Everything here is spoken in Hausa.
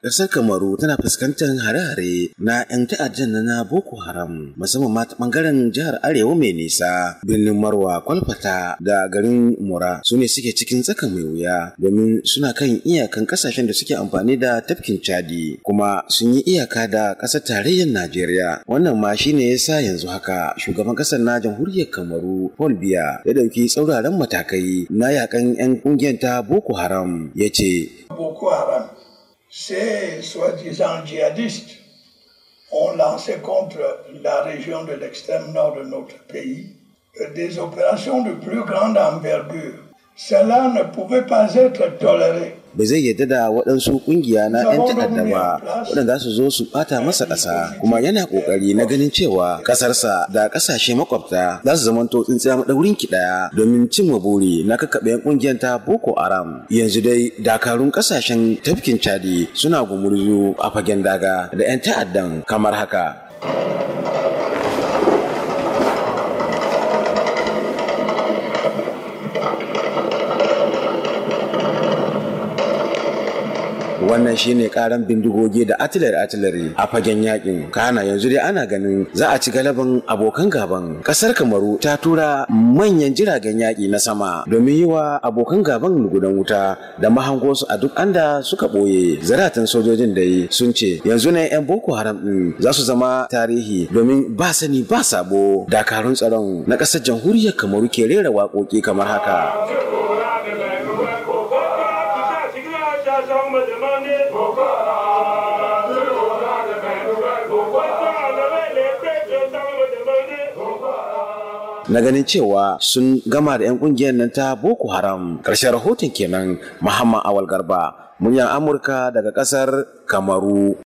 Ƙasar Kamaru tana fuskantar hare-hare na 'yan ta'addan na Boko Haram musamman ma ta ɓangaren jihar Arewa mai nisa birnin Marwa Kwalfata da garin Mura su ne suke cikin tsaka mai wuya domin suna kan iyakan ƙasashen da suke amfani da tafkin Chadi kuma sun yi iyaka da ƙasar tarayyar Najeriya wannan ma shi shine yasa yanzu haka shugaban ƙasar na jamhuriyar Kamaru Paul Biya ya ɗauki tsauraran matakai na yakan 'yan ƙungiyar ta Boko Haram ya ce. ces soi-disant djihadistes ont lancé contre la région de l'extrême nord de notre pays euh, des opérations de plus grande envergure cela ne pouvait pas être toléré. Ba zai yarda da waɗansu ƙungiya na 'yan ta'adda ba waɗanda su zo su ɓata masa ƙasa kuma yana ƙoƙari na ganin cewa ƙasarsa da ƙasashe makwabta za su zamanto tsintsiya maɗaurin kiɗaya domin cimma buri na kakkaɓe ƙungiyar ta Boko Haram. Yanzu dai dakarun ƙasashen tafkin Chadi suna gumurzu a fagen daga da 'yan ta'addan kamar haka. wannan shine karan bindigogi da atilar atilari a fagen yakin kana yanzu dai ana ganin za a ci galaban abokan gaban kasar kamaru ta tura manyan jiragen yaki na sama domin yi wa abokan gaban gudan wuta da mahangosu a duk anda suka boye zaratan sojojin da yi sun ce yanzu ne yan boko haram din za su zama tarihi domin ba sani ba sabo dakarun tsaron na kasar jamhuriyar kamaru ke rera waƙoƙi kamar haka na ganin cewa sun gama da 'yan kungiyar nan ta boko haram ƙarshen rahoton kenan muhammad awal garba munyan amurka daga ƙasar kamaru